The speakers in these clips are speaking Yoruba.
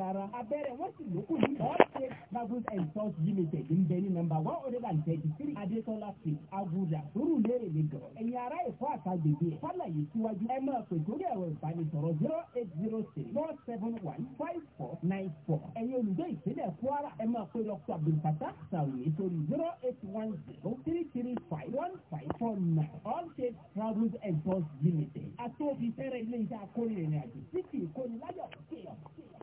rárá. abẹ́rẹ́ wọ́n sì lókù ní all state and tours limited ń bẹ ní nọ́mbà one hundred and thirty three adétọ́lá street abuja sùúrù lérè ẹ̀yin ará èkó àtàgbègbè ẹ̀ fàlàyé síwájú ẹ máa pè sórí ẹ̀rọ ìbánisọ̀rọ̀ zero eight zero six four seven one five four nine four. ẹ̀yin olùgbé ìpínlẹ̀ kwara ẹ máa pè dr abdulfatah sàwùyé sórí zero eight one zero three three five one five four nine all state travels and tours limited. àti òfin fẹ́rẹ̀ ilé iṣẹ́ akóni ìrìn títí ìkóni láyọ̀ kéèyàn kéèyàn.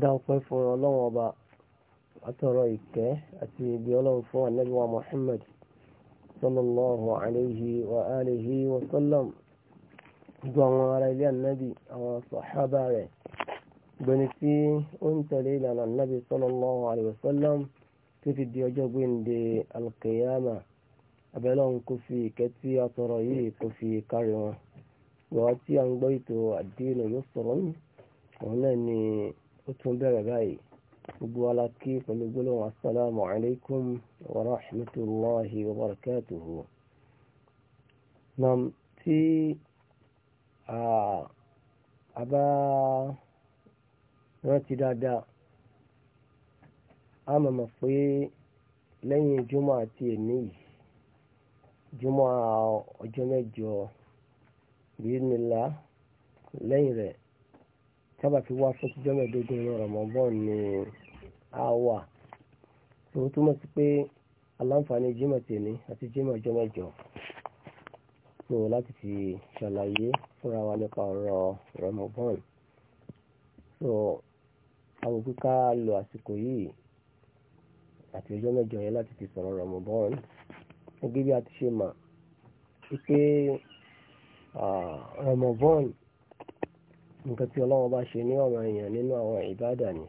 dá ọpẹ́ fún ọlọ́run ọba àtọ̀rọ̀ ìkẹ́ àti ibi ọlọ́run fún ànábì wa Muhammad sallallahu alayhi wa alihi wa sallam gbogbo àwọn ará ilé ànábì àwọn sàhábà rẹ̀ gbẹni tí ó ń tẹ̀lé ìlànà ànábì sallallahu alayhi wa sallam tó fi di ọjọ́ gbẹ̀ǹde alkiyama abẹ́lọ́run kò fi ìkẹ́ tí a yìí kò fi kárí wọn gbọ́wọ́ tí a ń gbọ́ ètò àdínà yóò sọ̀rọ̀ òun náà ni ó tún bẹ̀rẹ̀ báyìí gbogbo aláké pẹ̀lú gbólóhùn asalaamu alaykum wa rahmatulahi wa barakatuhu. nam tí a bá rántí dáadáa a mọ̀ mọ̀ pé lẹ́yìn jùmọ̀ àti èmi jùmọ̀ ọjọ́ mẹ́jọ bíi nìlá lẹ́yìn rẹ̀ tábà ti wá fún tíjọ́ mẹ́ẹ̀ẹ́dógún inú Ramadan ni a wà tó túmọ̀ sí pé aláǹfààní jimá tèmi àti jimá ọjọ́ mẹ́jọ tó láti fi ṣàlàyé fúnra wa nípa ọ̀rọ̀ Ramadan tó àwọn kíká lo àsìkò yìí àti ọjọ́ mẹ́jọ yẹn láti fi sọ̀rọ̀ Ramadan gẹ́gẹ́ bí a ti ṣe mà wípé Ramadan. nǹkan tí ọlọ́wọ́ bá ṣe ní ọ̀ràn èèyàn nínú àwọn ìbádà ni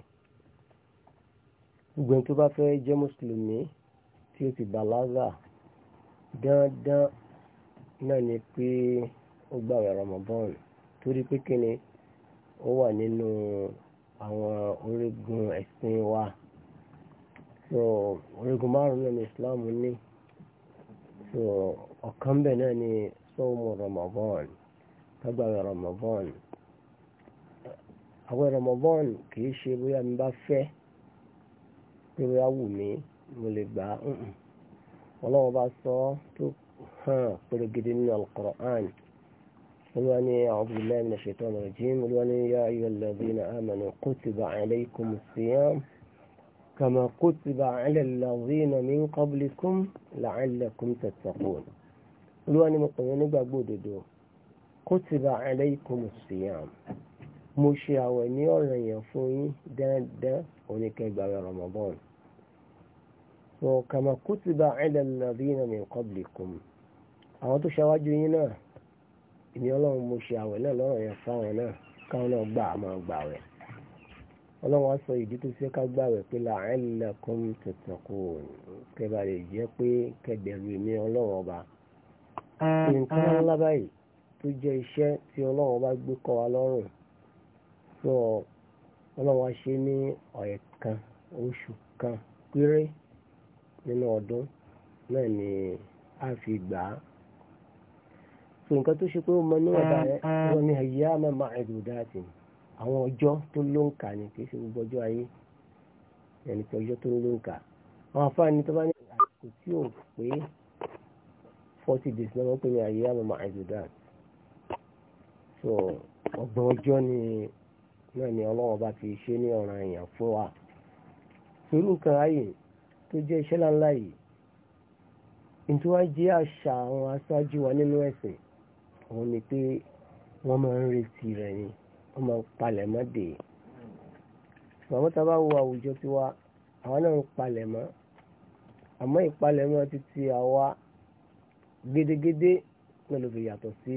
gbogbo tó bá fẹ́ jẹ́ mùsùlùmí tí ó ti bàlágà dandan náà ni pé ó gbààwẹ̀ Ramadan torí pé ó wà nínú àwọn orígun ẹ̀sìn wa so orígun márùn náà ni Islam ní so ọ̀kan àwọn Ramadan kìí ṣe bóyá mi bá fẹ́ pé bóyá wù mí mo lè gbà á ọlọ́run bá sọ tó hàn pérégede nínú Al-Qur'an olùwàní a'udhu billahi minash shaitani rajim olùwàní ya ayyuhal ladhina amanu kutiba alaykumus siyam kama kutiba alal ladhina min qablikum la'allakum tattaqun olùwàní mo pè é nígbàgbọ́ òdodo kutiba alaykumus siyam mo ṣe àwẹ̀ ní ọ̀rọ̀ yẹn fún yín dandan oníkẹgbà Ramadan so kama kutiba ala alladhina min qablikum àwọn tó ṣáwájú yín náà ìní ọlọ́run mo ṣe àwẹ̀ náà lọ́rọ̀ yẹn fáwọn náà káwọn náà gbà á máa gbà wẹ̀ ọlọ́run á sọ ìdí tó ṣe ká gbà wẹ̀ pé la'allakum tattaqun kẹba lè jẹ́ pé kẹbẹ̀rù èmi ọlọ́run ọba nǹkan ńlá tó jẹ́ iṣẹ́ tí ọlọ́run ọba gbé kọ́ wa lọ́rùn so ọlọ́wọ́ ṣe ní ọ̀yẹ̀ kan oṣù kan péré nínú ọdún náà ni a fi gbà á so nǹkan tó ṣe pé ó mọ níwọ̀nba rẹ̀ wọ́n ah, ah. ní ẹ̀yẹ́ àmọ́ máa ẹ̀dùn dáàtì àwọn ọjọ́ tó ló ń kà ní kì í ṣe gbogbo ọjọ́ ayé ẹni tí ọjọ́ tó ló ń kà àwọn afáàní tó bá ní àsìkò tí ò pé forty days náà wọ́n pè ní ẹ̀yẹ́ àmọ́ máa so ọgbọ̀n ọjọ́ ni náà ni ọlọ́wọ́ bá ti ṣe ní ọ̀ràn èèyàn fún wa irú nǹkan ayé tó jẹ́ iṣẹ́ láńlá yìí ìtura jẹ́ àṣà àwọn aṣáájú wa nínú ẹ̀sìn òun ni pé wọ́n máa ń retí rẹ̀ ni wọ́n máa ń palẹ̀ mọ́ dè é àwọn tá a bá wo àwùjọ tiwa àwọn náà ń palẹ̀ mọ́ àmọ́ ìpalẹ̀mọ́ títí àwa gédégédé náà ló fi yàtọ̀ sí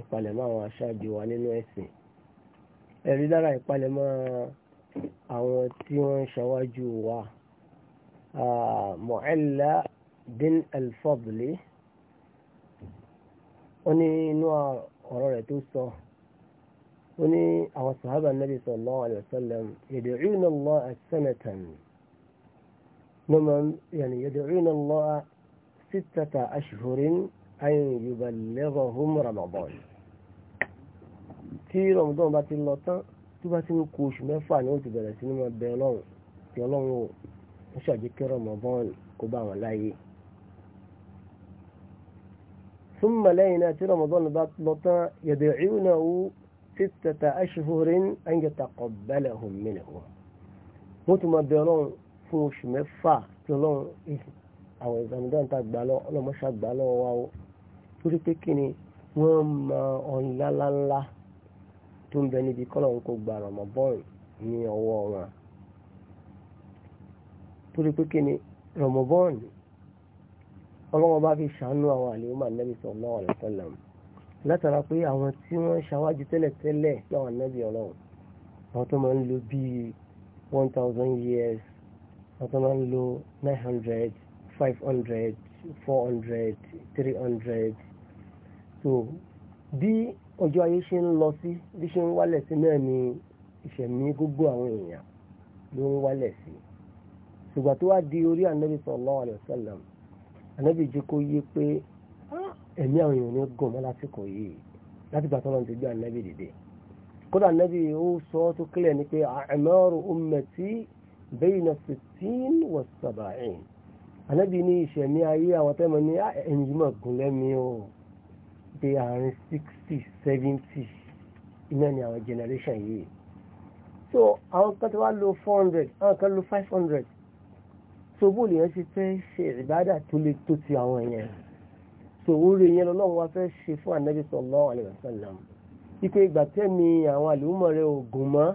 ìpalẹ̀mọ́ àwọn aṣáájú wa nínú ẹ̀sìn ẹ̀rí lára ìpalẹ̀mọ́ àwọn tí wọ́n ń ṣàwájú wa Mu'alla bin al-Fadli ó ní inú ọ̀rọ̀ rẹ̀ tó sọ ó ní àwọn sàhábà nàbì sallallahu alayhi wa sallam yad'una Allaha sanatan يعني يدعون الله ستة أشهر أن يبلغهم رمضان tí rọ̀mùdọ́n bá ti lọ tán tó bá ti ń ku oṣù mẹ́fà ni ó ti bẹ̀rẹ̀ sí ní máa bẹ ọlọ́run tí ọlọ́run ò ń ṣàjẹkẹ́ rọ̀mùdọ́n kó bá wọn láàyè. ثم لين في رمضان بطلطا يدعونه ستة أشهر أن يتقبلهم منه متما بيرون فوش مفا تلون أو رمضان تقبلوا لو مش تقبلوا واو تقولي تكيني وما أن لا لا لا tó ń bẹ níbi kọ́lọ́hún kò gba rọmọbọ́ọ̀n ní ọwọ́ wọn torí pé kí ni rọmọbọ́ọ̀n ọlọ́wọ́n bá fi ṣàánú àwọn àlèhùnmá nẹ́bí sallallahu alaihi wasallam látara pé àwọn tí wọ́n ṣàwájú tẹ́lẹ̀tẹ́lẹ̀ láwọn nẹ́bí ọlọ́run àwọn tó máa ń lo bíi one thousand years àwọn tó máa ń lo nine hundred five hundred four hundred three hundred ọjọ́ ayé ṣe ń lọ sí bí ṣe ń wálẹ̀ sí náà ni ìṣẹ̀mí gbogbo àwọn èèyàn ló ń wálẹ̀ sí ṣùgbọ́n tó wá di orí ànábì sallallahu alaihi wasallam ànábì jẹ́ kó yé pé ẹ̀mí àwọn èèyàn ní gùn mọ́ lásìkò yìí láti gbà tọ́lọ́ ti gbé ànábì dìde kódà ànábì ó sọ tó kílẹ̀ ni pé a'maru ummati bayna sittin wa sab'in ànábì ní ìṣẹ̀mí ayé àwọn tẹ́mọ̀ ní ẹ̀yìn mọ̀ gùn lẹ́mí o dé àárín sixty seventy iná ni àwọn generation yìí so àwọn kan tó wá lo four hundred àwọn kan lo five hundred so bó lè yẹn ti fẹ́ ṣe ìbádà tó lè tó ti àwọn yẹn so oore yẹn lọ́wọ́ wa fẹ́ ṣe fún anabi sallallahu alaihi wasallam ipe ìgbà tẹ́mi àwọn àlùmọ̀ rẹ̀ ògùn mọ́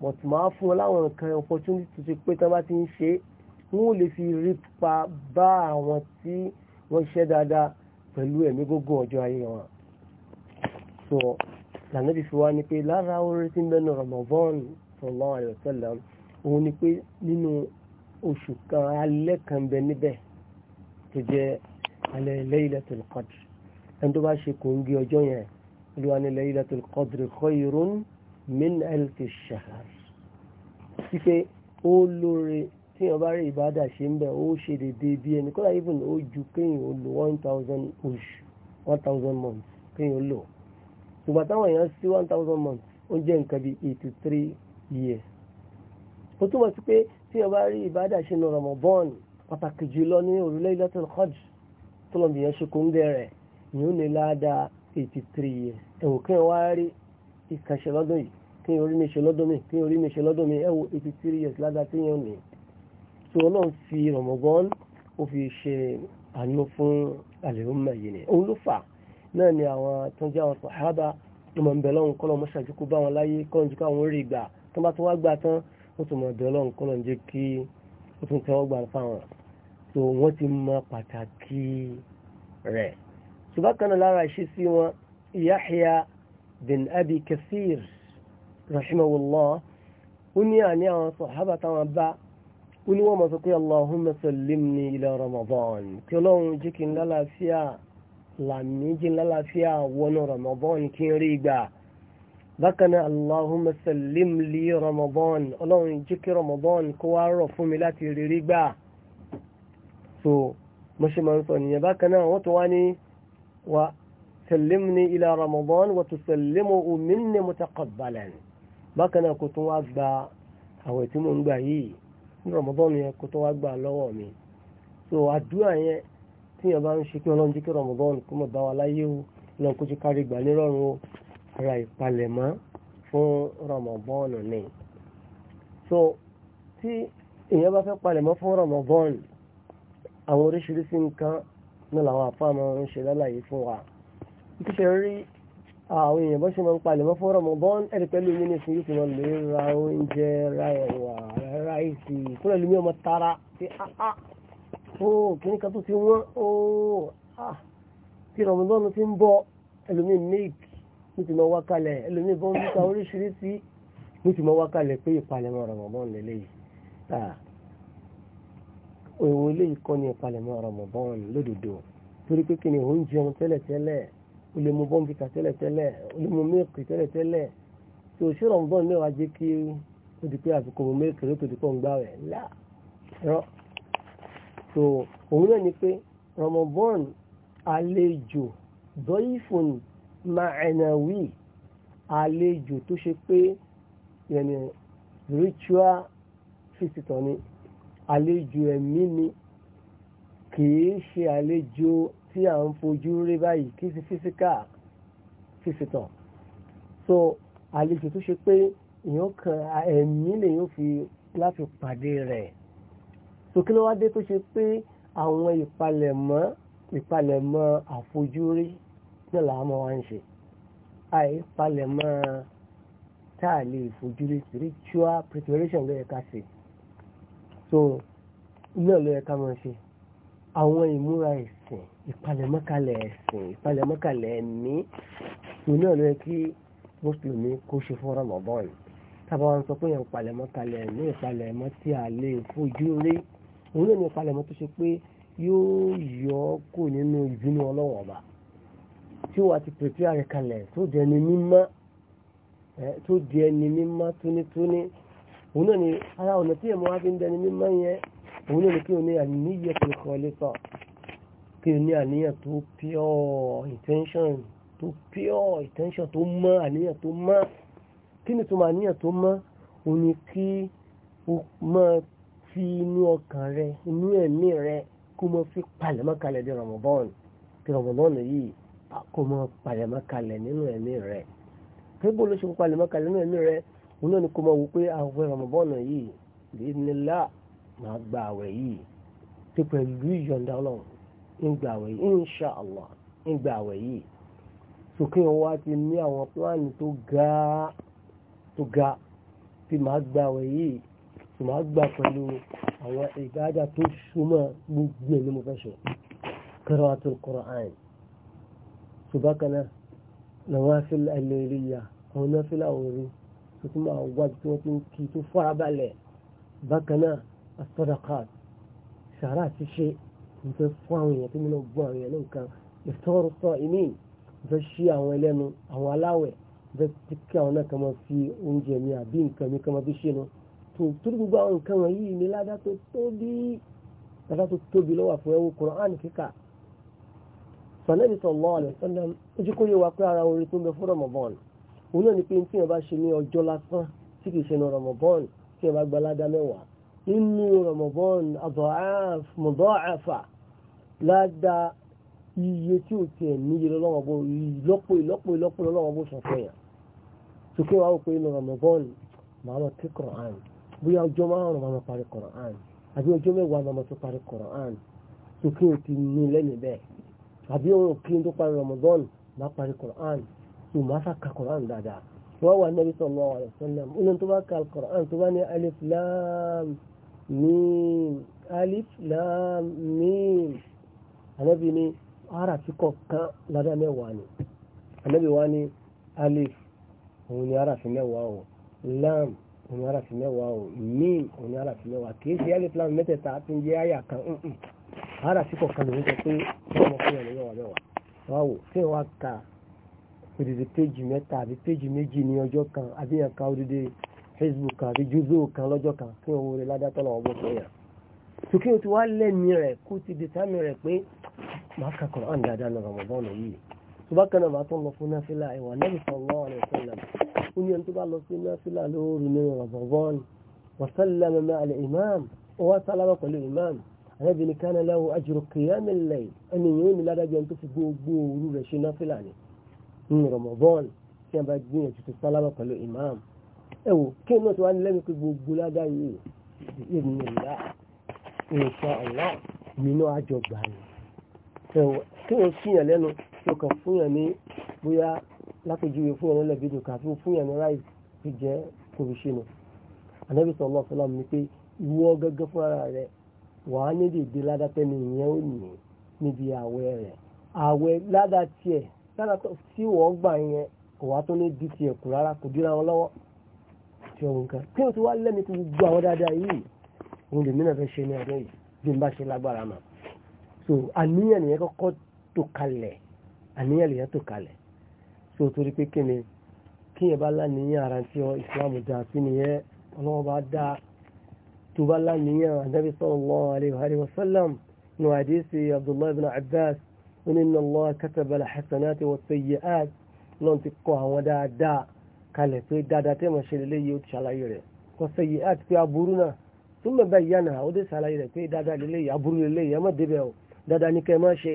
but máa fún wọn láwọn nǹkan opportunity tó ṣe pé tán bá ti ń ṣe wọ́n lè fi rí pa bá àwọn tí wọ́n ṣiṣẹ́ dáadáa pẹ̀lú ẹ̀mí gógún ọjọ́ ayé wọn so lànàbí fi wá ní pé lára orí tí ń bẹ́nu Ramadan sallallahu alaihi wasallam òun ni pé nínú oṣù kan alẹ́ kan bẹ níbẹ̀ tó jẹ́ alẹ́ Laylatul Qadr ẹni tó bá ṣe kò ń gé ọjọ́ yẹn olúwa ní Laylatul Qadr khayrun min alfi shahr sí pé ó lóore tí èèyàn bá rí ìbádà ṣe ń bẹ̀ ó ṣe dédé bí ẹni kọ́lá even ó ju kéèyàn ó lò one thousand oṣù one thousand months kéèyàn ó lò ṣùgbọ́n táwọn èèyàn sí one thousand months ó jẹ́ nǹkan bíi eighty three years ó túmọ̀ sí pé tí èèyàn bá rí ìbádà ṣe nù Ramadan pàtàkì jùlọ ní òrùlé Lailatul Qadr tó lọ́mọ èèyàn ṣe kó ń bẹ̀rẹ̀ ní ládàá eighty three years ẹ̀wò kéèyàn wá rí ìkànṣe lọ́dún yìí kéèyàn orí mi ṣe lọ́dún mi kéèyàn orí mi ṣe lọ́dún mi ẹ̀wò eighty three years ládàá téèyàn nìyí so ọlọ́run fi rọ̀mọ̀gán ó fi ṣe àánú fún àlèhùnmá yìí ni òun ló fà náà ni àwọn tó ń jẹ́ àwọn sàhábà ló máa ń bẹ̀ lọ́run kọ́lọ́ mọ́ ṣàjúkú bá wọn láyé kọ́lọ́n jù káwọn rí gbà tó bá tó wá gbà tán ó tún mọ̀ bẹ̀ lọ́run kọ́lọ́n jẹ́ kí ó tún tẹ́wọ́ gbà fáwọn so wọ́n ti mọ pàtàkì rẹ̀ ṣùgbọ́n kan náà lára ìṣesí wọn Yahya bin Abi Kathir rahimahullah ó ní àní àwọn sàhábà táwọn bá ó ní wọ́n mọ̀ sọ pé allahumma sallimni ila ramadan kí ọlọ́run jí kí n lálàáfíà làmì jí n lálàáfíà wọnú ramadan kí n rí gbà bákan náà allahumma sallimli ramadan ọlọ́run jí kí ramadan kó wá rọ̀ fún mi láti rí rí gbà so mo ṣe máa ń sọ nìyẹn bákan wọ́n tó wá ní wa sallimni ila ramadan wa tusallimuhu minni mutaqabbalan bákan náà kò tún wá gba àwẹ̀ tí mo ń gbà yìí ní Ramadan yẹn kó tó wá gbà lọ́wọ́ mi so àdúrà yẹn tíyẹn bá ń ṣe kí Ọlọ́run jẹ́ kí Ramadan kó mọ̀ bá wa láyé o lọ́n kó jẹ́ kárí gbà nírọ̀rùn o ara ìpalẹ̀mọ́ fún Ramadan ni so tí èèyàn bá fẹ́ palẹ̀mọ́ fún Ramadan àwọn oríṣiríṣi nǹkan ní làwọn àfáàmọ́ ń ṣe lálàyé fún wa nítorí àwọn èèyàn bọ́ ṣe máa ń palẹ̀ mọ́ fọ́rọ̀ mọ́ bọ́n ẹ̀rí pẹ̀lú mi ní fún yóò fi máa lè ra oúnjẹ ra ẹ̀wà ra ìsì ah, ah, fún ẹ̀lú mi ọmọ tara ti áá ó kìíní kan tó ti wọ́n ó oh, ah, tí rọ̀mọdọ́nù ti ń bọ́ ẹ̀lú mi milk ní ti máa wá kalẹ̀ ẹ̀lú mi bọ́n níta oríṣiríṣi ní ti máa wá kalẹ̀ pé ìpalẹ̀mọ́ rọ̀mọdọ́nù lélẹ́yìí òun eléyìí kọ́ ni ìpalẹ̀mọ́ rọ̀mọdọ́nù lódodo torí pé kí ni òun jẹun o lè mu bọ́ǹbìtà tẹ́lẹ̀tẹ́lẹ̀ o lè mu mílìkì tẹ́lẹ̀tẹ́lẹ̀ tí o ṣe rọ̀mùbọ́n ní ọ̀rọ̀ ajé kí o di pé àsìkò mu mílìkì ló tó di pọ̀ ń gbà rẹ̀ lá ẹ̀rọ. so òun náà ni pé rọ̀mùbọ́n àlejò dọ́yìfùn ma'anawi àlejò tó ṣe pé yẹn ritual visitor ni àlejò ẹ̀mí ni kì í ṣe àlejò tí à ń fojú rí báyìí kì í ṣe físíkà físítọ̀ so àlejò tó ṣe pé èèyàn kan ẹ̀mí lèèyàn fi láti pàdé rẹ̀ so kí ló wá dé tó ṣe pé àwọn ìpalẹ̀mọ́ ìpalẹ̀mọ́ àfojúrí náà làwọn máa ń ṣe àìpalẹ̀mọ́ tá a lè fojúrí spiritual preparation ló yẹ ká ṣe so náà ló yẹ ká máa ṣe àwọn ìmúra ẹ̀sìn ìpalẹ̀mọ́kalẹ̀ ẹ̀sìn ìpalẹ̀mọ́kalẹ̀ ẹ̀mí òun náà ló yẹ kí mùsùlùmí kó ṣe fún Ramadan yìí tábà wọn sọ pé yẹn ìpalẹ̀mọ́kalẹ̀ ẹ̀mí ìpalẹ̀mọ́ tí a lè fojú rí òun náà ní ìpalẹ̀mọ́ tó ṣe pé yóò yọ ọ́ kò nínú ìbínú ọlọ́wọ̀n ọba tí wàá ti pèpè àrẹ kalẹ̀ tó di ẹni mímọ́ tó di tónítóní òun náà ni ara ọ̀nà tí èèmọ́ wá fi ń dẹni mímọ́ yẹn òun náà ni kí òun ní àníyẹ kí o ní àníyàn tó pure intention tó pure intention tó mọ́ àníyàn tó mọ́ kí ni tó máa àníyàn tó mọ́ o ní kí o máa fi inú ọkàn rẹ inú ẹ̀mí rẹ kó máa fi palẹ̀mọ́ kalẹ̀ di Ramadan di Ramadan yìí kó máa palẹ̀mọ́ kalẹ̀ nínú ẹ̀mí rẹ kébò ló ṣe palẹ̀mọ́ kalẹ̀ nínú ẹ̀mí rẹ òun náà ni kó máa wò pé àwẹ̀ Ramadan yìí bí nílá máa gba àwẹ̀ yìí pẹ̀lú ìyọ̀ǹda ọlọ́run ìgbà àwẹ̀ yìí insha allah ìgbà àwẹ̀ yìí sókè wa ti ní àwọn pílánì tó ga tó ga tí màá gbà àwẹ̀ yìí tí màá gbà pẹ̀lú àwọn ìgbàjà tó súnmọ́ gbogbo ẹ̀ ní mo fẹ́ ṣe qira'atul Qur'an ṣùgbọ́n ti ṣe mo fẹ́ fún àwọn èèyàn tó mi náà bú àwọn èèyàn lóǹkan ìfọwọ́rọ̀ sọ ìní mo fẹ́ ṣí àwọn ẹlẹ́nu àwọn aláwẹ̀ mo fẹ́ kí àwọn náà kan máa fi oúnjẹ mi àbí nǹkan mi kan máa fi ṣe nu tó torí gbogbo àwọn nǹkan wọ̀nyí ni ládá tó tóbi ládá tó tóbi lọ́wọ́ fún ẹwọ́ Qur'an kíkà sànẹ́bí sọ̀lọ́ ọ̀lẹ́ sọ́nà ojú kó yẹ wá pé ara orin tó ń bẹ fún Ramadan òun náà ni pé tí yẹn nínú Ramadan mọ̀dọ́àfà ládàá iye tí ò tiẹ̀ níye lọ́wọ́ bó ìlọ́pọ̀ ìlọ́pọ̀ ìlọ́pọ̀ lọ́wọ́ bó sọ fún yàn tó kí wàá pé inú Ramadan màá lọ kí Quran bóyá ọjọ́ márùn-ún màá lọ parí Quran àbí ọjọ́ mẹ́wàá màá lọ tó parí Quran tó kí o ti ní lẹ́yìn bẹ́ẹ̀ àbí òun kí n tó parí Ramadan màá parí Quran tó màá sá ka Quran dáadáa wọ́n wà Nabi sallallahu alaihi wasallam inú tó bá ka Quran tó bá ní alif lam mím alif lam mím ànábì ní harafi kọ̀ọ̀kan ládá mẹ́wàá ni ànábì wá ní alif òun ni harafi mẹ́wàá o lam òun ni harafi mẹ́wàá o mím òun ni harafi mẹ́wàá kì í ṣe alif lam mẹ́tẹ̀ẹ̀ta tí ń jẹ́ àyà kan harafi kọ̀ọ̀kan lòun sọ pé ọmọ fún ìyàwó mẹ́wàá mẹ́wàá wáwò tí wọ́n ka òdìdí péjì mẹ́ta àbí péjì méjì ní ọjọ́ kan àbíyàn ka òdìdí facebook àti juzo kan lọ́jọ́ kan kí owó rẹ̀ ládàtọ́lọ̀ ọgbọ́ fún yà tó kí o ti wá lẹ́ni rẹ̀ kó ti di sámi rẹ̀ pé máa ka Kùránì dáadáa lọ Ramadan yìí tó bá kan náà bá tún lọ fún náfìlà ìwà nẹ́bí sallallahu alaihi wasallam ó ní ẹni tó bá lọ sí náfìlà lóru ní Ramadan wa sallama ma'a al-imam ó wá sálámà pẹ̀lú imam àrẹ́bí ni kánà láwọ ẹ̀wò kí náà tó wá ní lẹ́nu pé gbogbo ládá yìí èmi ìlà nǹkan ọ̀la mìíràn àjọgbà ni ẹ̀wò kí wọ́n fìyàn lẹ́nu tó kàn fúnyàn ní bóyá lápèjúwe fúnyàn nílẹ̀ bídò kàfí fúnyàn ní ráì fi jẹ́ kòrìṣẹ́ nù ànábì sallallahu alaihi wasallam ni pé ìwọ gẹ́gẹ́ fúnra rẹ̀ wàá ní dèdè ládá tẹ́ni ìyẹn ò ní níbi àwẹ̀ rẹ̀ àwẹ̀ ládá tiẹ̀ ládá tí wọ́n gbà yẹn kò wá tó ní dìtì ẹ̀kú rárá kò dira wọn lọ́wọ́ àti ọmọ nǹkan kí o ti wá lẹ́ni tí gbogbo àwọn dáadáa yìí òun lè mìíràn fẹ́ ṣe ní ọdún yìí bí n bá ṣe lágbára mà so àníyàn nìyẹn kọ́kọ́ tó kalẹ̀ àníyàn nìyẹn tó kalẹ̀ so torí pé kí ni kí yẹn bá láníyàn ara tí ọ ìsìlámù dáa sí nìyẹn ọlọ́wọ́ bá dáa tó bá láníyàn anábì sallallahu alayhi wa sallam nù àdéhìsì abdullahi ibn abbas inna allaha kataba al-hasanati wa sayyi'at lọ́n ti kọ́ àwọn dáadáa kalẹ̀ pé dáadáa tẹ́ mọ̀ ṣe lélẹ́ yìí ó ti ṣàlàyé rẹ̀ kọsẹ̀ yìí àti pé aburú náà tó mọ̀ bá ìyá náà ó dé ṣàlàyé rẹ̀ pé dáadáa lélẹ́ yìí aburú lélẹ́ yìí ẹ má débẹ̀ o dáadáa ní kẹ́ ẹ má ṣe.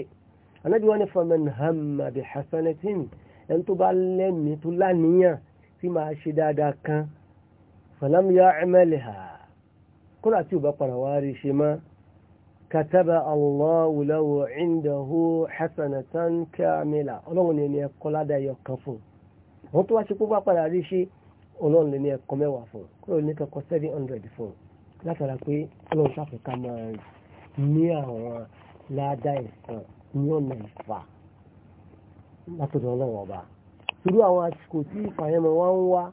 anábì wọn ni faman hamma bi hasanatin ẹni tó bá lẹ́mìí tó láníyàn tí máa ṣe dáadáa kan falam ya'malha kúrò àti òbá padà wá rí ṣe má kataba Allahu lahu indahu hasanatan kamila ọlọ́run wọ́n tó wá ṣe púpá padà rí ṣe ọlọ́run lè ní ẹ̀kọ́ mẹ́wàá fún kúrò ní kẹ́kọ́ seven hundred fún látara pé ọlọ́run sáfẹ́ká máa ní àwọn ládàá ẹ̀sán ní ọ̀nà ìfà látọ̀dọ̀ ọlọ́run ọba irú àwọn àsìkò tí ìfàyẹ̀mọ̀ wá ń wá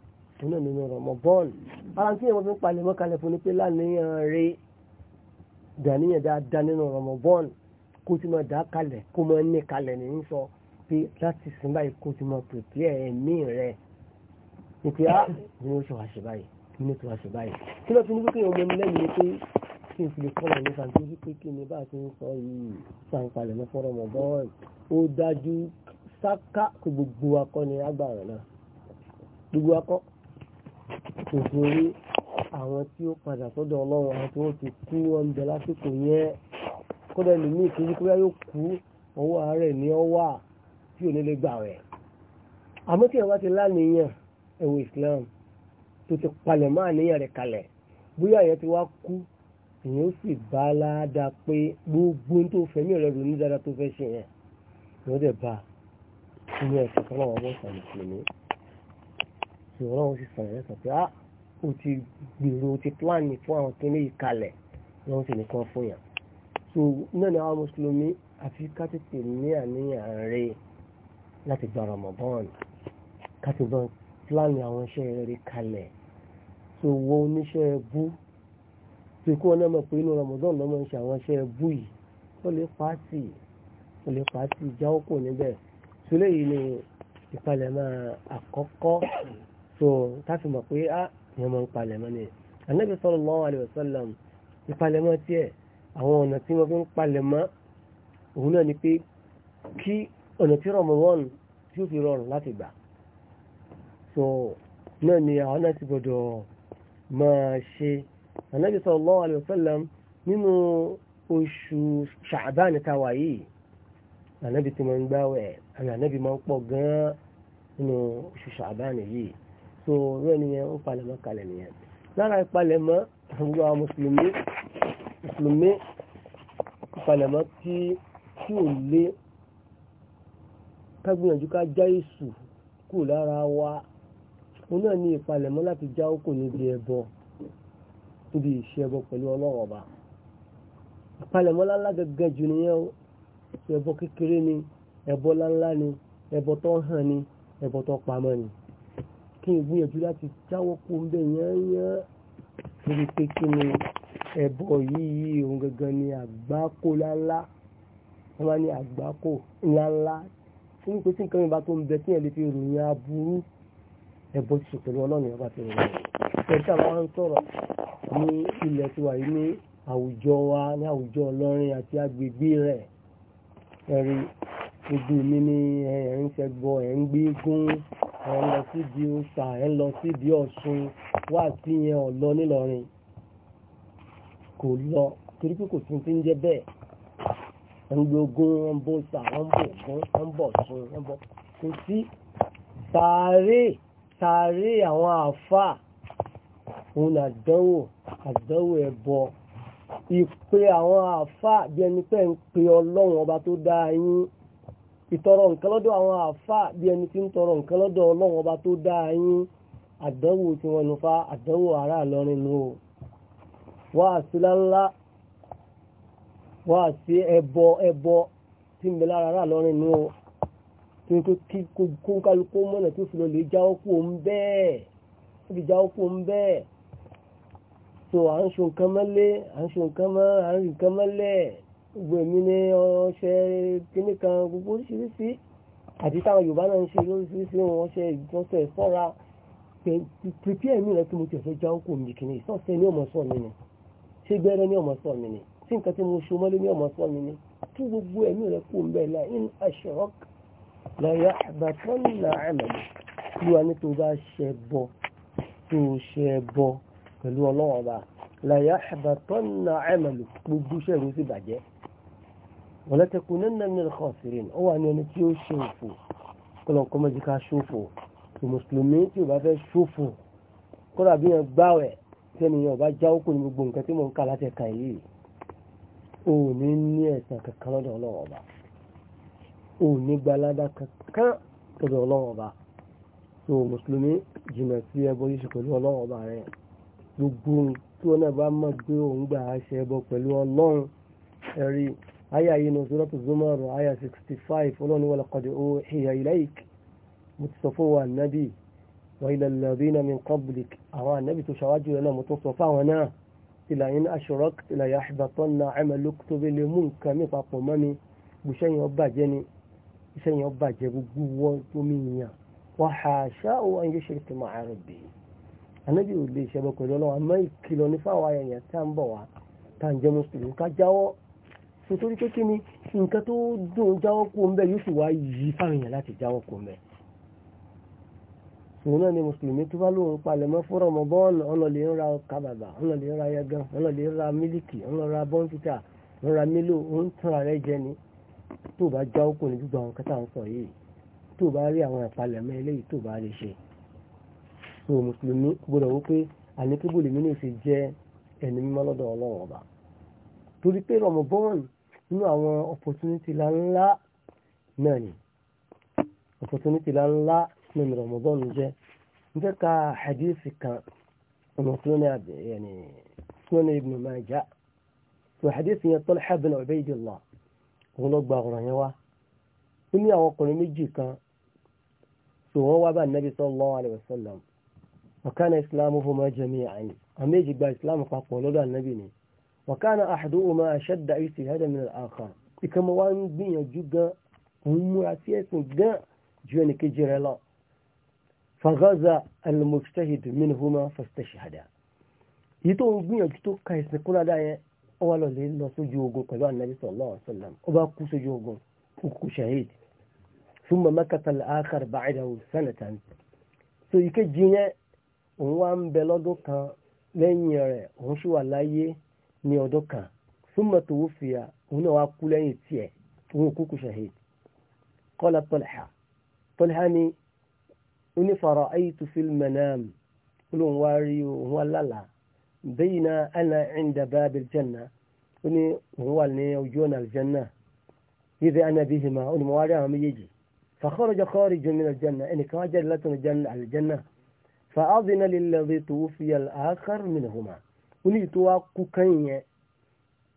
òun náà nínú ọ̀rọ̀ mọ́ bọ́ọ̀lù ara tí èèyàn fi ń palẹ̀ mọ́ kalẹ̀ fún ni pé láníyàn rè dàníyàn dáadáa pé láti sin báyìí kó ti mọ pèpè ẹ̀mí rẹ̀ ní pé á ní oṣù àṣẹ báyìí ní oṣù àṣẹ báyìí kí ló ti ní pípé ọmọ mi lẹ́yìn ni pé kí n fi lè kọ́ra nípa tó yí pé kí ni bá a ti ń sọ yìí sàǹpalẹ̀ mọ́ fọ́rọ̀ mọ́ bọ́ọ̀lù ó dájú sáká kó gbogbo akọ ni agbára náà gbogbo akọ kò torí àwọn tí ó padà sọ́dọ̀ ọlọ́run àwọn tí wọ́n ti kú wọn bẹ lásìkò yẹn kódà ẹlòmíì kejì kódà yóò kú ọwọ́ àárẹ̀ ni ọ wà tí ò ní lè gbà rẹ̀ àmọ́ tí ìyàwó ti láníyàn ẹ̀wò Islam tó ti palẹ̀ mọ́ àníyàn rẹ̀ kalẹ̀ bóyá ìyẹn ti wá kú ìyẹn ó sì bá láàdá pé gbogbo tó fẹ̀mí rẹ̀ rò ní dáadáa tó fẹ́ ṣe yẹn ìwọ́n dẹ̀ bá inú ẹ̀sìn kan láwọn ọmọ ìsàn mùsùlùmí ṣùgbọ́n wọn sì sàn ẹ̀ pé ah o ti gbèrò o ti pláàni fún àwọn kíní yìí kalẹ̀ wọn sì nìkan fún yàn so náà ni àwọn mùsùlùmí àfi ká ní àníyàn rèé láti gba Ramadan káti gbọ́n pílánì àwọn iṣẹ́ rere kalẹ̀ tó wọ oníṣẹ́ ẹbú tó kí wọ́n náà mọ̀ pé inú Ramadan lọ́mọ ń ṣe àwọn iṣẹ́ ẹbú yìí tó lè pàtì tó lè pàtì jáwó kò níbẹ̀ tó léyìí ni ìpalẹ̀mọ́ àkọ́kọ́ tó táfi mọ̀ pé á ìyẹn mọ̀ ń palẹ̀mọ́ ni Ànábì sallallahu alaihi wasallam ìpalẹ̀mọ́ tiẹ̀ àwọn ọ̀nà tí wọ́n fi ń palẹ̀mọ́ òun náà ni pé kí ọ̀nà tí rọmọwọ́n tí ó fi rọrùn láti gbà so náà ni àwọn náà ti gbọdọ̀ máa ṣe ànábì sallallahu alaihi wasallam nínú oṣù ṣàbán tàwa yìí ànábì ti máa ń gbáwẹ̀ àmì máa ń pọ̀ gan nínú oṣù ṣàbán yìí so rẹ̀ nìyẹn ó palẹ̀mọ́ kalẹ̀ nìyẹn lára ìpalẹ̀mọ́ gbogbo àwọn mùsùlùmí mùsùlùmí ìpalẹ̀mọ́ tí tí ò lé ká gbìyànjú ká já èṣù kù lára wa òun náà ní ìpalẹ̀mọ́ láti já òkò níbi ẹbọ níbi ìṣe ẹbọ pẹ̀lú ọlọ́run ìpalẹ̀mọ́ láńlá gẹ́gẹ́ jù nìyẹn o ẹbọ kékeré ni ẹbọ láńlá ni ẹbọ tó hàn ni ẹbọ tó pamọ́ ni kí n gbìyànjú láti jáwọ́ kó ń bẹ̀ yányán níbi pé kí ni ẹbọ yìí òun gangan ni àgbákò láńlá wọ́n máa ní àgbákò ńláńlá torí pé tí nǹkan ìbá tó ń bẹ tí ẹ̀ lè fi ròyìn aburú ẹ̀bọ ti sùn pẹ̀lú ọlọ́run ọba ti ròyìn pẹ̀lú àwọn ń sọ̀rọ̀ ní ilẹ̀ tiwa yìí ní àwùjọ wa ní àwùjọ ọlọ́rin àti agbègbè rẹ̀ ẹ̀rí gbogbo mi ni ẹ̀ ń ṣẹgbọ́ ẹ̀ ń gbé gún ẹ̀ ń lọ síbi ọ̀sà ẹ̀ ń lọ síbi ọ̀ṣun wá sí yẹn ọ̀lọ́ nílọrin kò lọ torí pé kò sí ti ń jẹ bẹ́ẹ̀ ń gbógun wọn bó sà wọn bò gún wọn bọ̀ tún wọn bọ̀ kò sí sàárè sàárè àwọn àfà òun àdánwò àdánwò ẹ̀bọ ìpè àwọn àfà bí ẹni pé ń pe ọlọ́run ọba tó dá yín ìtọrọ nǹkan lọ́dọ̀ àwọn àfà bí ẹni tí ń tọrọ nǹkan lọ́dọ̀ ọlọ́run ọba tó dá yín àdánwò tí wọ́n nufa àdánwò ará Ìlọrin nù o wá àsìlá ńlá wá sí ẹbọ ẹbọ tí ń bẹ lára rà lọ́rin nú o tí ó kí kó ń kálukú mọ́nà tó fi lọ lè jáwọ́ kú òun bẹ́ẹ̀ ó fi jáwọ́ kú òun bẹ́ẹ̀ so à ń so nǹkan mọ́lé à ń so nǹkan mọ́ à ń rìn nǹkan mọ́lẹ̀ gbogbo èmi ní ọṣẹ kínní kan gbogbo oríṣiríṣi àti táwọn Yorùbá náà ń ṣe lóríṣiríṣi wọn ṣe ìgbọ́nsẹ̀ fọ́ra pèpè ẹ̀mí rẹ kí mo tẹ̀ fẹ́ jáwọ́ kú òun yìí kìnnìkan ni ọmọ sọ̀ mi ni ṣé gbẹ́rẹ́ ni ọmọ sọ̀ mi ni sí nǹkan tí mo ṣe mọ́lé ní ọmọ sọ mi ni kí gbogbo ẹ̀mí rẹ̀ kú ń bẹ̀ la in ashrak la yahbatanna amali bí wa ní tó bá ṣẹ bọ tó ṣẹ bọ pẹ̀lú ọlọ́wọ́n bá la yahbatanna amali gbogbo iṣẹ́ rẹ̀ sì bàjẹ́ wala takunanna minal khasirin ó wà ní ẹni tí ó ṣe òfò kọlọ̀ kọ́mọ́jì ká ṣòfò mùsùlùmí tí ò bá fẹ́ ṣòfò kọ́lá bí yẹn gbáwẹ̀ tẹ́niyàn ò jáwó kò ní gbogbo nǹkan tí mò ń kà látẹ̀ka yìí ò ní ní ẹ̀sán kankan lọ́dọ̀ ọlọ́wọ́ ọba ò ní gbalada kankan lọ́dọ̀ ọlọ́wọ́ ọba so mùsùlùmí jìnnà sí ẹbọ yíṣu pẹ̀lú ọlọ́wọ́ ọba rẹ gbogbo tí wọn náà bá mọ̀ pé òun gbà á ṣe ẹbọ pẹ̀lú ọlọ́run ẹ̀rí aya yìí nù sọ́dọ̀ tó Zumar aya sixty five ọlọ́run wọlé kọ́dé ó hiya ilayk mo ti sọ fún wa nàbì wa ila alladhina náà mo tún ìlàyìn aṣọ́rọ́k ìlàyà àṣìbàtọ́ na àmàlókù tó bẹ́ẹ̀ lè mú nǹkan mi papọ̀ mọ́ mi iṣẹ́ yẹn bàjẹ́ ni iṣẹ́ yẹn bàjẹ́ gbogbo wọ́n tó mi yàn wọ́n ha ṣá o wọ́n yóò ṣe kí máa rẹ̀ bè é anábì ò lè ṣẹbọ pẹ̀lú ọlọ́wọ́ àmọ́ ìkìlọ̀ ní fáwọn ayẹyẹ tá ń bọ̀ wá tá ń jẹ́ mùsùlùmí ká jáwọ́ nítorí pé kí ni nǹkan tó dùn jáwọ́ kó ń bẹ̀ yóò sì wá yí fáwọn èèyàn láti jáwọ́ kó ń bẹ̀ òun náà ni mùsùlùmí tó bá lóun palẹ̀mọ́ fún rọmọbọ́ọ̀lù ọlọ́lẹ̀ ń ra kábàbà ọlọ́lẹ̀ ń ra yagan ọlọ́lẹ̀ ń ra mílìkì ọlọ́ra bọ́ńpítà ọlọ́ra mílò ń tàn rẹ jẹ ni tó bá já ó kò ní gbogbo àwọn kẹta ń sọ yìí tó bá rí àwọn ìpalẹ̀mọ́ eléyìí tó bá lè ṣe. so mùsùlùmí gbọdọ̀ wó pé àní kébù lèmi ní ìṣe jẹ́ ẹni mímọ́ lọ́dọ̀ ọlọ́wọ́ ọba torí pé rọmọbọ́ọ̀lù nínú àwọn opportunity ńláńlá náà ni opportunity ńláńlá nínú rọmọbọ́ọ̀lù jẹ́ fẹ́ ka hadithi kan ọmọ sunan ibn majah so hadithi yẹn Talha bin Ubaydillah òun ló gba ọ̀rọ̀ yẹn wá ó ní àwọn ọkùnrin méjì kan so wọ́n wá bá nabi sallallahu alayhi wa sallam wakana islamuhuma jami'an àwọn méjì gba islam papọ̀ lọ́dọ̀ ànábì ni wakana ahaduhuma ashadda ijtihada min al-akhar wa ń gbìyànjú gan òun múra sí ẹ̀sìn gan ju ẹnìkejì rẹ̀ lọ fagaza al-mujtahid minhuma fastashhada yìí tó ń gbìyànjú tó ka ìsìn kúrò dáa yẹn ó wà lọ lè lọ sójú ogun pẹ̀lú anabi sallallahu alaihi wasallam ó bá kú sójú ogun kú shahid thumma makata al-akhar ba'dahu sanatan so ìkejì yẹn òun wá ń bẹ lọ́dún kan lẹ́yìn rẹ̀ òun sì wà láyé ní ọdún kan súnmọ́ tó wúfìyà òun náà wá kú lẹ́yìn tiẹ̀ òun kúkú ṣahid kọ́lá tọ́lẹ̀há tọ́lẹ̀há ni ó ní fara aitu fil manam olóhùn wá rí òun wá lálàá bayna ana inda babil janna ó ní òun wà ní ojú ọ̀nà aljanna yíde ana bihima ó ní mo wá rí àwọn méjèèjì fa kharaja kharijun min aljanna ẹnìkan wá jáde látọ̀nà aljanna fa adhina lilladhi tuwfiya al-akhar minhuma ó ní ìtò wá kú kẹ́yìn yẹn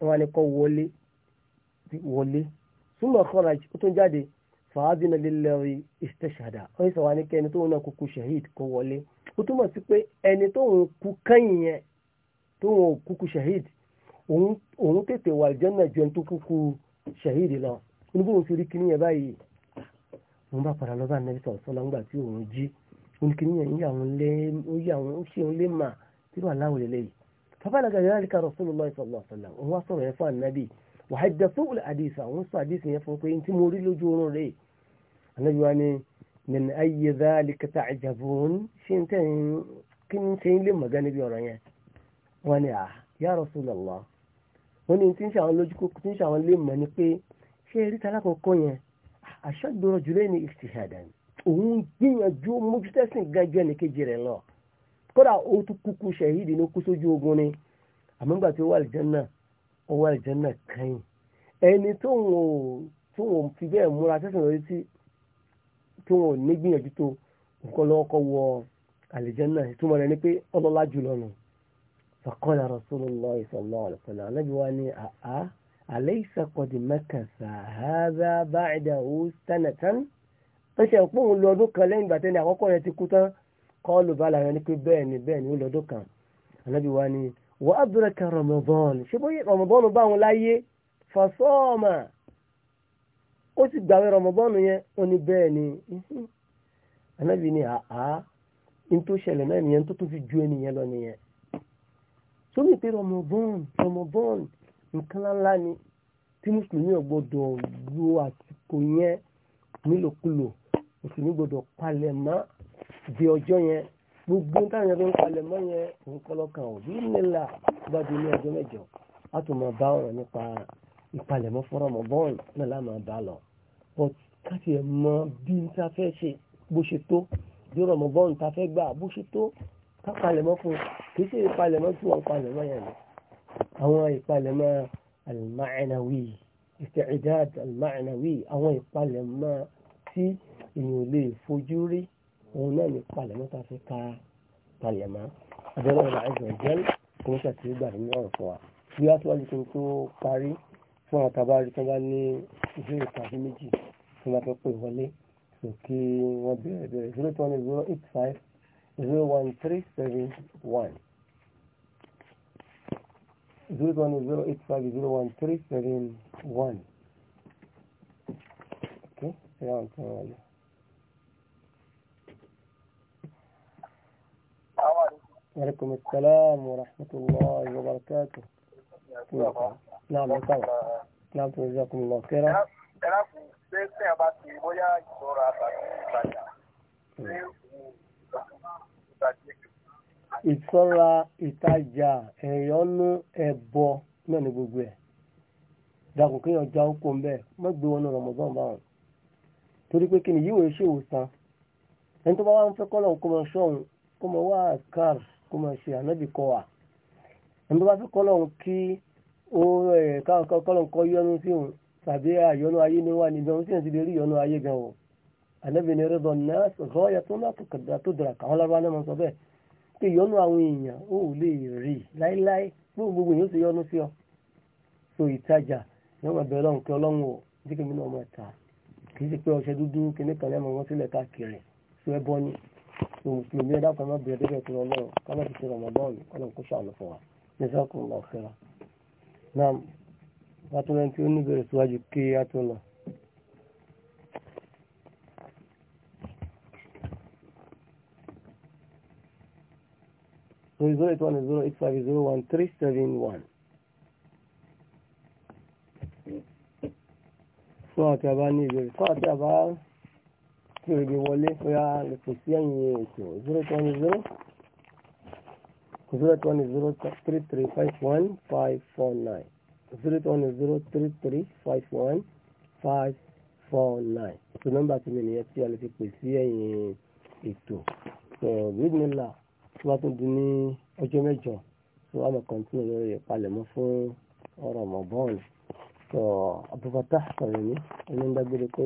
wọn ni kọ́ wọlé wọlé súnmọ́ kharaj fàádìnà lílẹ̀rí istashada ó sì wà ní kí ẹni tó ń kúkú shahid kó wọlé ó túmọ̀ sí pé ẹni tó ń kú kẹ́yìn yẹn tó ń kúkú shahid òun tètè wà aljanna ju ẹni tó kúkú shahid lọ níbo òun fi rí kíní yẹn báyìí òun bá padà lọ́ba nẹ́bí sọ̀rọ̀ sọ́la ńgbà tí òun jí òun kíní yẹn yà òun lé ó yà òun ṣe òun lé mà tí wà láwùlẹ̀ lẹ́yìn bàbá àlàgà yàrá wàhádà fún àdìsí àwọn sọ àdìsí yẹn fún pé n tí mo rí lójú oorun rẹ̀ ànábi wa ni min ayé dhalika ta'jabun ṣé n tẹ̀yìn kí n ṣe ń lè mọ̀gá níbi ọ̀rọ̀ yẹn wọn ni à ya Rasulullah wọn ni tí ń ṣàwọn lójú kókó tí ń ṣàwọn lè mọ̀ ni pé ṣé eré tala kọ̀ọ̀kan yẹn ashaddu rajulaini ijtihadan òun gbìyànjú mójútẹ́sìn gánjẹ́ ní kejì rẹ̀ lọ kódà ó tún kúkú ṣàhídì ní kú ogun ni àmọ́ wà lìjẹ́ náà ọwọ́ àlìjẹ́nà kẹ́yìn ẹni tó wọn fi bẹ́ẹ̀ múra sẹ́sìn lórí tí tó wọn ní gbìyànjú tó nǹkan lọ́wọ́ kọ́ wọ àlìjẹ́nà ìtumọ̀ rẹ̀ ni pé ọlọ́lá jùlọ nù fàkọ́lá rasulullah sallallahu alaihi wasallam anábì wa ni àá alaysa qad makasa hadha ba'dahu sanatan ó ṣe pé òun lọ ọdún kan lẹ́yìn ìgbà tẹ́ni àkọ́kọ́ yẹn ti kú tán kọ́ ló bá lára ni pé bẹ́ẹ̀ ni bẹ́ẹ̀ ni ó lọ kan anábì wa ni wa adraka Ramadan ṣé bóyá Ramadan bá wọn láyé fasọ́ọ̀mà ó sì gbàwé Ramadan yẹn ó ní bẹ́ẹ̀ ni anábì mhm. ni àá ní tó ṣẹlẹ̀ náà nìyẹn tó tún fi ju ẹnìyẹn lọ nìyẹn sómi pé Ramadan Ramadan nǹkan ńláńlá ni tí mùsùlùmí ò gbọ́dọ̀ àsìkò yẹn nílòkulò mùsùlùmí gbọ́dọ̀ palẹ̀ mọ́ di ọjọ́ yẹn gbogbo táwọn ẹgbẹ́ ń palẹ̀ mọ́ yẹn òun kọlọ́kan òbí nílà bá di ní ọjọ́ mẹ́jọ a tún máa bá ọ̀rọ̀ nípa ìpalẹ̀mọ́ fọ́rọ̀ mọ́ bọ́ọ̀n náà láà bá lọ but káti ẹ̀ mọ bí n ta fẹ́ ṣe bó ṣe tó bí ọ̀rọ̀ mọ́ bọ́ọ̀n ta fẹ́ gbà bó ṣe tó ká palẹ̀mọ́ fún kì í ṣe ìpalẹ̀mọ́ tí wọ́n palẹ̀mọ́ yẹn ni àwọn ìpalẹ̀mọ́ al-ma'nawi isti'dad òun náà ní palẹ̀mọ́ tá a fi ka palẹ̀mọ́ abẹ́rẹ́ ọ̀la ẹ̀jẹ̀ jẹ́ kí wọ́n ṣàti gbà nínú ọ̀rọ̀ fún wa bí wọ́n síwájú kí n tó parí fún àwọn tabarí tó bá ní ìbéèrè tàbí méjì tó bá fẹ́ pè wọlé sókè wọ́n bẹ̀rẹ̀ bẹ̀rẹ̀ zero two one zero eight five zero one three seven one zero two one zero eight five zero one three seven one okay ṣe àwọn tó wọlé. وعليكم السلام ورحمة الله وبركاته نعم طبعا نعم جزاكم الله خيرا ìtọ́ra ìtajà ẹ̀yọ́nú ẹ̀bọ náà ní gbogbo ẹ̀ dàkùn kí ọjà ó kó ń bẹ́ẹ̀ mọ́gbé wọnú rọmọdán báwọn torí pé kí ni yíwèé ṣe ìwòsàn ẹni tó bá wá ń fẹ́ kọ́ lọ́n kó mọ ṣọ́hun kó mọ wá àkàrà kó máa ṣe ànábì kọ́ wa ẹni bá fi kọ́ kí ó káwọn kọ́lọ́hùn kọ́ yọnu sí òun tàbí àyọnu ayé ni wà níbi ohun tí èèyàn ti lè rí yọnu ayé gan o ànábì ni rẹ́dọ̀ náà rọ́ọ̀yà tó náà tó kàdá tó dara káwọn lára náà máa sọ bẹ́ẹ̀ pé yọnu àwọn èèyàn ó lè rí láéláé fún gbogbo èèyàn ó yọnu sí ọ so ìtajà ni wọn bẹ̀rẹ̀ lọ́hùn kí ọlọ́hùn o díkẹ́ mi náà máa ta kì í ṣe pé ọṣẹ dúdú kìnnìkan lẹ́mọ̀ wọn sílẹ̀ mùsùlùmí ẹ̀dá kan má bẹ̀rẹ̀ débẹ̀ tó lọ́wọ́ kọ́nà ti ṣe rọ̀mọ́bọ́ọ̀lù kọ́nà kó ṣàlọ́ fún wa ní sọ́kùn lọ fẹ́ra. náà látọ̀lẹ́ tí ó ní bẹ̀rẹ̀ síwájú kí á tó lọ. zero eight one zero eight five zero one three seven one. fún àti àbá ní ìbéèrè fún àti àbá kí o lè wọlé fúra lè sí ẹ̀yìn ètò zero two one zero zero two one zero three three five one five four nine zero two one zero three three five one five four nine tó nọ́mbà tí mi nìyẹn tí a lè fi pè sí ẹ̀yìn ètò bídìnnìlà tí wàá tún di ní ọjọ́ mẹ́jọ tí wàá mọ̀ kọ́ńtínú lórí ìpalẹ̀mọ́ fún ọ̀rọ̀ mọ̀ bọ́ọ̀lù tó Abdulfatah sọ̀rọ̀ ní ẹni ń dágbére pé.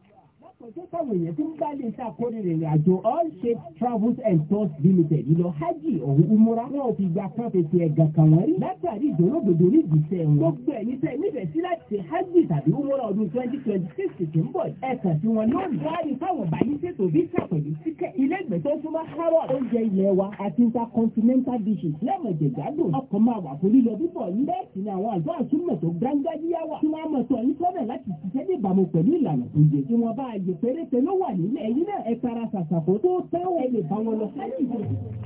Ọjọ́ èèyàn tí ń bá lè ṣàkóso ìrìn àjò All Shape Travels and Tours Limited lọ hajj ọ̀hún umura. Wọ́n ò fi gba kan fèsì ẹ̀gàn kan wọ́n rí. Látàrí ìdòlódòdò ní ìgbésẹ̀ wọn. Gbogbo ẹ̀yin tẹ́ níbẹ̀ sí láti ṣe hajj tàbí umura ọdún twenty twenty six tí ń bọ̀. Ẹ kàn sí wọn lónìí. Wọ́n á rí fáwọn báyìí ṣètò visa pẹ̀lú síkẹ̀. Ilé ìgbẹ́ tó súnmọ́ Harrod. Oúnjẹ ilẹ̀ wa àti continental dishes lẹ́mọ̀jẹ̀gbádùn. Ọkọ̀ máa wà fún lílọ bíbọ̀ yín. Bẹ́ẹ̀ sì ni àwọn àgbọ̀ àtúmọ̀ tó gbáńgájíyá wà. Tí wọ́n á mọ̀ tó ẹ̀yin sọ́nà láti ṣiṣẹ́ ní ìbámu pẹ̀lú ìlànà tó yẹ. Tí wọ́n bá yẹ péréte ló wà nílẹ̀ èyí náà ẹ tara ṣàṣàkó tó tẹ́ ẹ lè bá wọn lọ sáyé ìdè.